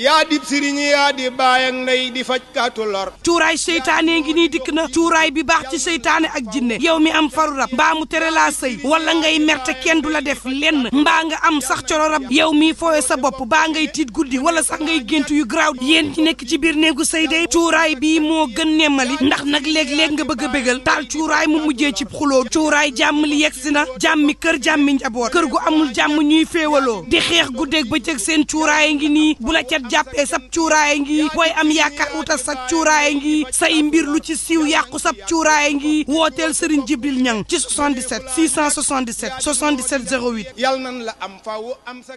yaa dib sëriñ yaa di baay ak ndey di fajkatu lor cuuraay seytaane ngi nii dikk na cuuraay bi baax ci seytaane ak jinne yow mi am faru rab mbaa mu tere laa sëy wala ngay merte kenn du la def lenn mbaa nga am sax coro rab yow mi fooye sa bopp baa ngay tiit guddi wala sax ngay gént yu garaaw yéen ci nekk ci biir néegu sëy day cuuraay bii moo gën nemmali ndax nag léeg-léeg nga bëgg bëggal bégal taal cuuraay mu mujjee ci xuloo cuuraay jàmm li yegg si na jàmmi kër jàmmi njaboot kër gu amul jàmm ñuy féewaloo di xeex guddeeg bëccëg seen cuuraay ngi nii bu la jàppee sab cuuraay ngi booy am yaakaar wutal sa cuuraay ngi say mbir lu ci siiw yàqu sab cuuraay ngi wooteel Serigne Jibril Niang ci 77 677 77 08 yal nan la am faaw am sa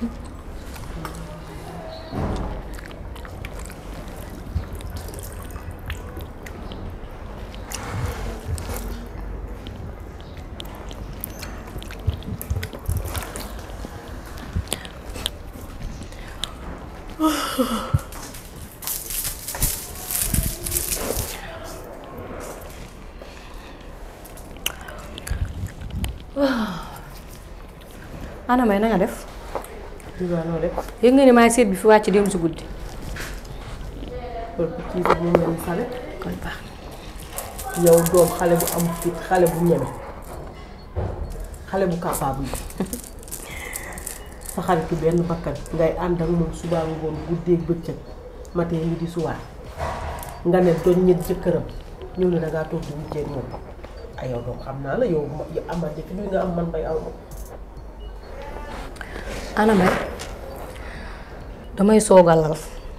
Ah. Ano ba yun nga, Def? yëg nga ne bi fi wàcc dem si guddi. kon baax bu am fit xale bu ñeme kapabu. bu capable sa xarit ki benn bakkan ngay ànd ak moom subaa ngoon guddeeg bëccëg matee ngi di suwaar nga ne doñ ñet jëkkëram ñëw ne dangaa toog di wujjeeg moom ay ah, yow doom la yow nga am man bay ana may damay soog a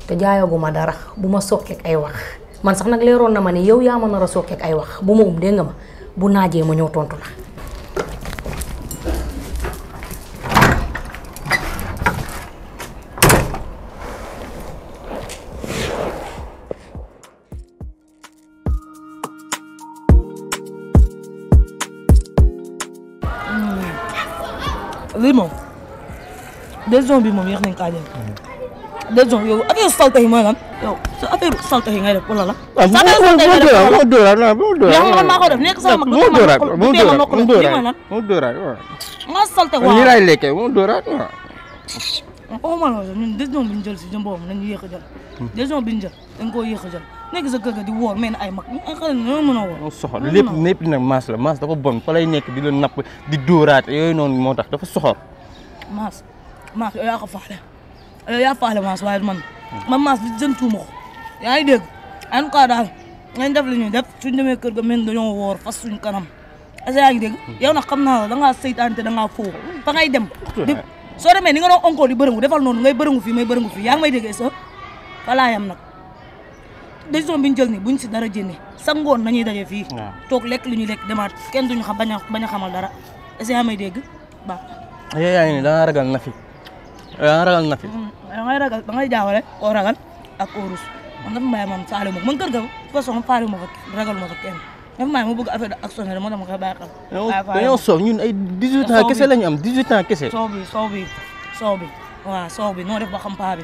te jaayaguma dara buma ma sokkeeg ay wax man sax nak leeroon na ma yow ya, ma nara a sokkeeg ay wax buma um dégg nga ma bu naaje ma ñëw tontu la limo moom zombies bi moom nañ kaa day jox yow affaire salte yi mooy lan yow sa affaire salte yi ngay def wala la. sa affaire salte yi ngay def wala la bu ma ma ko def nekk sama mag bu ma ko bu ma ko def lii mooy lan. mu dóoraat waaw. nga salte waaw lii laay lekkee mu dóoraat waaw. xaw ma loolu ñun décision bi ñu jël si jëm boobu dañu yéex a jël. décision bi ñu jël dañ koo yéex a jël nekk sa kër ga di wóor mel ni ay mag ay xale ñoo mën a wóor. soxor lépp lépp nag maas la maas dafa bon fa lay nekk di la napp di dóoraat yooyu noonu moo tax dafa soxor. maas maas yooyu yaa ko faale Eh, yaa faale maas waaye man man maas bi jën tuuma yaa ngi dégg en tout cas daal nañ def li ñuy def suñ demee kër ga mel dañoo woor fas que yaa ngi dégg yow nag xam naa la da ngaa seytaan te ngay dem soo demee ni nga doon encore di bërëngu defal noonu ngay bërëngu fii may bërëngu fii yaa ngi may dégg est-ce que falaa yam nag décision bi ñu jël ni buñ si dara jënne sa ngoon nañuy daje fii toog lekk li ñuy lekk demaat kenn duñu xam bañ a bañ a xamal dara est-ce que yaa may dégg baax eh, yaa ngi ni da nga ragal na fi yaa ragal nga fi. da mm, ngay ragal da ngay ragal ak oo rus man dafa may man faale ma man kër ga façon faale ma fa ragal ma fa kenn dafa may ma bëgg affaire ak sonné ma dama koy bàyyi xel. dañoo soof ñun ay 18 ans kese la ñu am 18 ans kese. soow bi soow bi noo def ba xam paa bi.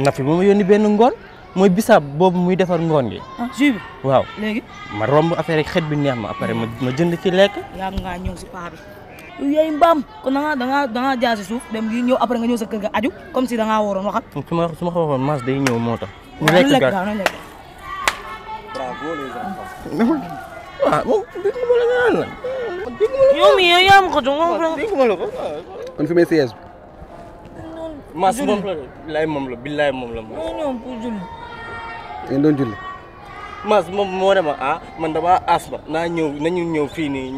na ma yónni benn ngoon mooy bisaab boobu muy defar ngoon gi. Ah, bi waaw léegi. ma romb affaire yi xet bi neex ma après ma jënd ci lekk. yaa ngi ñëw si paa yaay mbaam kon nga da nga da nga jaasi suuf dem gi ñëw après nga ñëw sa kër ga aju comme si da nga hm, mas day ñëw moo tax ñu ga bravo les enfants ah mo la ñaan la yow mi yow yaa ko jox dégg ma ko kon fi may siège mas moom la lay moom la billaay la pour julli julli mas moom moo ne ma ah man dama asma naa ñëw nañu ñëw fii nii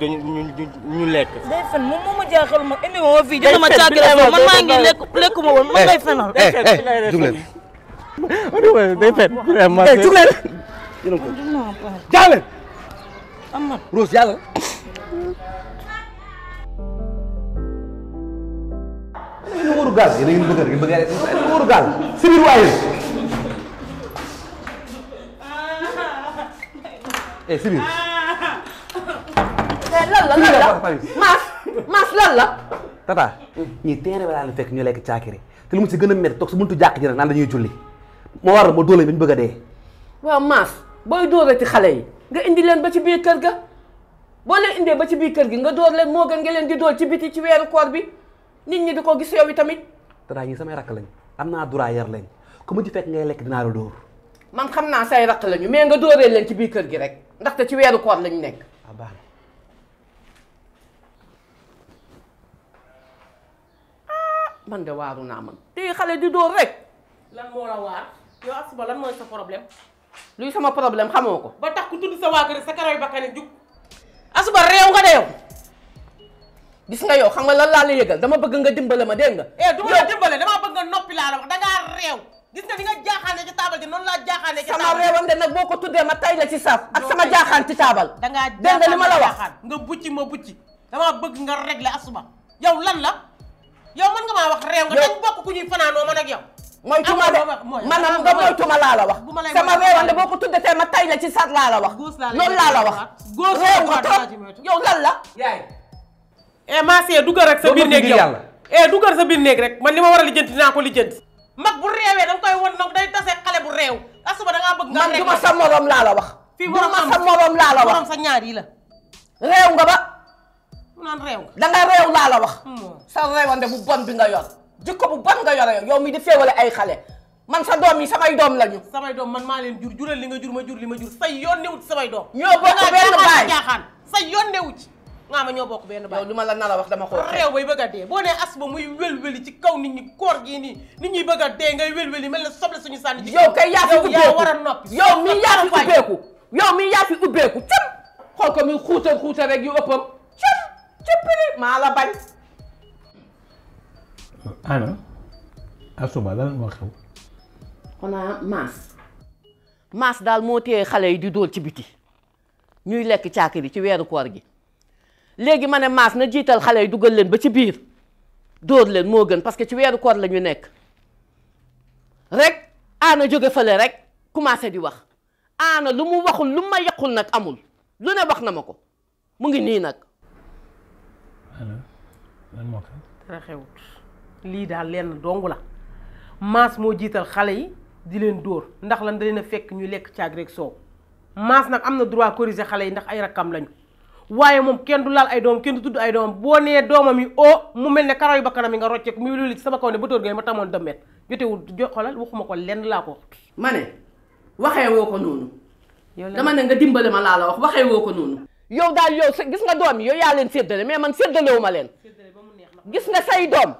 dañu ñu lekk. day fen moom moo ma jaaxal ma indi ma fii dina ma maa ngi lekk eh, lekk ma woon man ngay fenal. day fen day fen vraiment jaale. Rose yàlla. yéen a ngi eh Sibir. Eh, lan la lan la maas maas lan la. tata ñii teere balaa la fekk ñu lekk caakiri te lu mu ci gën a métti toog si buntu jàkk ji nag naan dañuy julli moo war ma doole bi ñu bëgg a dee. waaw mas booy ti xale yi nga indi leen ba ci biir kër ga boo leen indee ba ci biir kër gi nga dóor leen moo gën nga leen di dóor ci biti ci weeru koor bi nit ñi di ko gis yow tamit. tata ñii sama rakk lañ am naa droit yar lañ ku mu ci fekk lekk dinaa la dóor. xam naa say rakk lañu mais nga dóoree leen ci biir kër gi rek. ndaxte ci weeru koor lañ nekk. Ah, ah, man de waaru naa man tey xale di dóor rek. lan moo la waar yow Asuba lan mooy sa problème. luy sama problème xamoo ko. ba tax ku tudd sa waa kër sa karoy bakkani jug. Asuba réew nga de yow. gis nga yow xam nga lan laa la yëgal dama bëgg nga dimbale ma dégg nga. yow eh du ma la dimbale dama bëgg nga noppi laa la wax dangaa réew. gis nga ni nga jaaxaane gi noonu laa jaaxaane ci taabal sama réewande nag boo ko tuddee ma tay la ci saaf ak sama jaaxaan ci taabal dangaa dégg ma la wax nga bucci ma bucci damaa bëgg nga régler asuba yow lan la yow mën nga maa wax réew nga dañ bokk ku ñuy fanaanoo man ak yow moytuma de maanaam nga moytuma laa la wax sama réewande boo ko tuddee tey ma tay la ci saaf laa la wax loolu laa la wax réew nga toog yow lan la yaay e du see dugal rek sa biir néeg yow e dugal sa biir néeg rek man li ma war a lijjanti naa ko lijjanti mag bu réewee da nga koy wan donc day tase xale bu réew. asuba da ngaa bëgg nga man du ma sa morom laa la wax. fii borom ma sa morom laa la wax borom sa ñaar yi la. réew nga ba. mu naan réew nga da nga réew laa la wax. Hmm. sa réewande bu bon bi nga yor. jikko bu bon nga yore yow mi di féewale ay xale. man sa doom yi samay doom lañu. samay doom man maa leen jur jural li nga jur ma jur li ma jur say yoon newut samay doom. ñoo bokk benn baay da ngaa jaaxaan sa yoon newut ci. nga ma ñoo bokk benn baay yow lu ma la nala wax dama ko réew bay bëgg a dee boo nee as muy wélwéli ci kaw nit ñi koor gi nii nit ñuy bëgg a dee ngay wélwéli mel na soble suñu sànni yow kay yaa fi ubbeeku a noppi yow mi yaa mi yaa fi ubbeeku cëm ko rek yu ëppam cëm cëppili maa la bañ ana daal moo téye xale yi di dool ci biti ñuy lekk caakiri ci weeru koor gi léegi ma ne maas na jiital xale yi dugal leen ba ci biir dóor leen moo gën parce que ci weeru koor la ñu nekk rek aana jóge fële rek commencé di wax aana lu mu waxul lu ma yàqul nag amul lu ne wax na ma ko mu ngi nii nag. allo lan moo xew. dara xewut lii daal lenn dong la maas moo jiital xale yi di leen dóor ndax lan da leen a fekk ñu lekk caag rek soow maas nag am na droit corriger xale yi ndax ay rakkam lañu. waaye moom kenn du laal ay doom kenn du tudd ay doomam boo nee doomam yi o oh, mu mel ne karaw yu bakkanam yi nga rocceeku muy loolu ci sama kaw ne ba gay ma tamoon dëmmet jotewul jo xolal waxuma ko lenn laa ko ma ne waxee woo ko noonu dama ne nga dimbale ma laa la wax waxee woo ko noonu yow daal yow gis nga doom yi yow yaa leen séddale mais man séddalewu ma leen gis nga say doom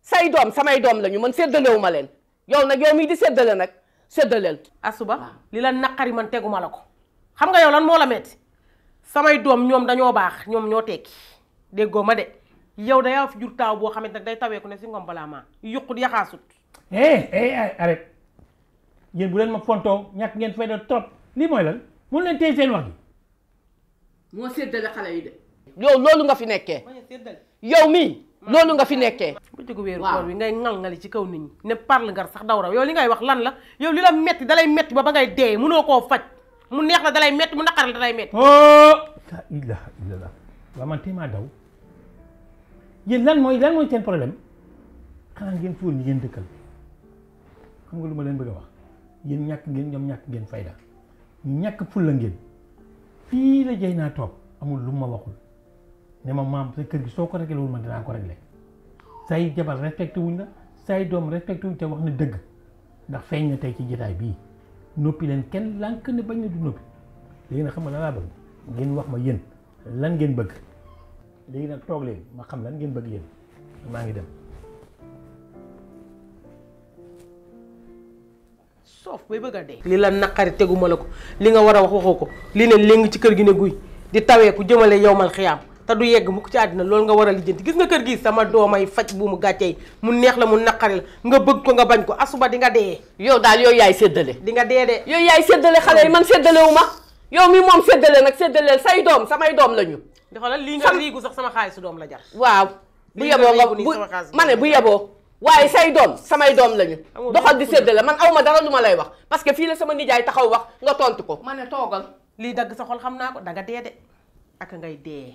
say doom samay doom lañu man séddalewu ma leen yow nag yow mii di séddale nag séddaleel asuba li la naqari man teguma la ko xam nga yow lan moo la metti samay itu ñom dañu bax ñom ñoo tek deggo ma de yow da ya fi jur taw bo xamante ne day tawé ku ne si ngom balaa yuqut yaxaasut. Eh, eh eh arrête yéen bu len ma fonto ñak ngeen fay do trop li moy lan mu len tey seen wax mo seddal xalé yi de. yow lolu nga fi nekké yow mi lolu nga fi nekké bu dugg weeru koor wi ngay ngal ngali ci kaw nit ne parle gar sax dawra yow li ngay wax lan la yow lila metti dalay metti ba ba ngay dee mëno ko fajj mu neex la dalay metti mu naqar la dalay metti oh! la ilaha illallah waaw man téemaa daw yéen lan mooy lan mooy seen problème xanaa ngeen fóon ñi ngeen dëkkal xam nga lu ma leen bëgg wax yéen ñàkk ngeen ñoom ñàkk ngeen fayda ñàkk fulla ngeen fii la jay naa toog amul lu ma waxul ne ma maam sa kër gi soo ko réglé wul man dinaa ko réglé say jabar respecté wuñ la say doom respecté wuñ te wax na dëgg ndax feeñ na tey ci jotaay bii noppi leen kenn lànk ne bañ na du noppi léegi nag xam nga lan laa bëgg ngeen wax ma yéen lan ngeen bëgg léegi nag toog leen ma xam lan ngeen bëgg yéen maa ngi dem soof bay bëgg a dee li la naqari teguma la ko li nga war a wax waxoo ko li ne léegi ci kër gi ne guy di tawee ku jëmale yow mal te du yegg mukk ci àddina loolu nga war a lijjanti gis nga kër gi sama doomay faj bu mu gàccee mu neex la mu naqari la nga bëgg ko nga bañ ko asuba di nga dee. yow daal yow yaay séddale. di nga dee de. yow yaay séddale xale yi man séddale ma yow mi moom séddale nag séddaleel say doom samay doom la ñu. di xoolal lii nga riigu sax sama xaalisu doom la jar. waaw bu yeboo nga bu bu yeboo. waaye say doom samay doom lañu. doxal di séddale man aw ma dara lu ma lay wax parce que fii la sama nijaay taxaw wax nga tontu ko. ma ne toogal. lii dagg sa xol xam naa ko danga dee de ak ngay dee.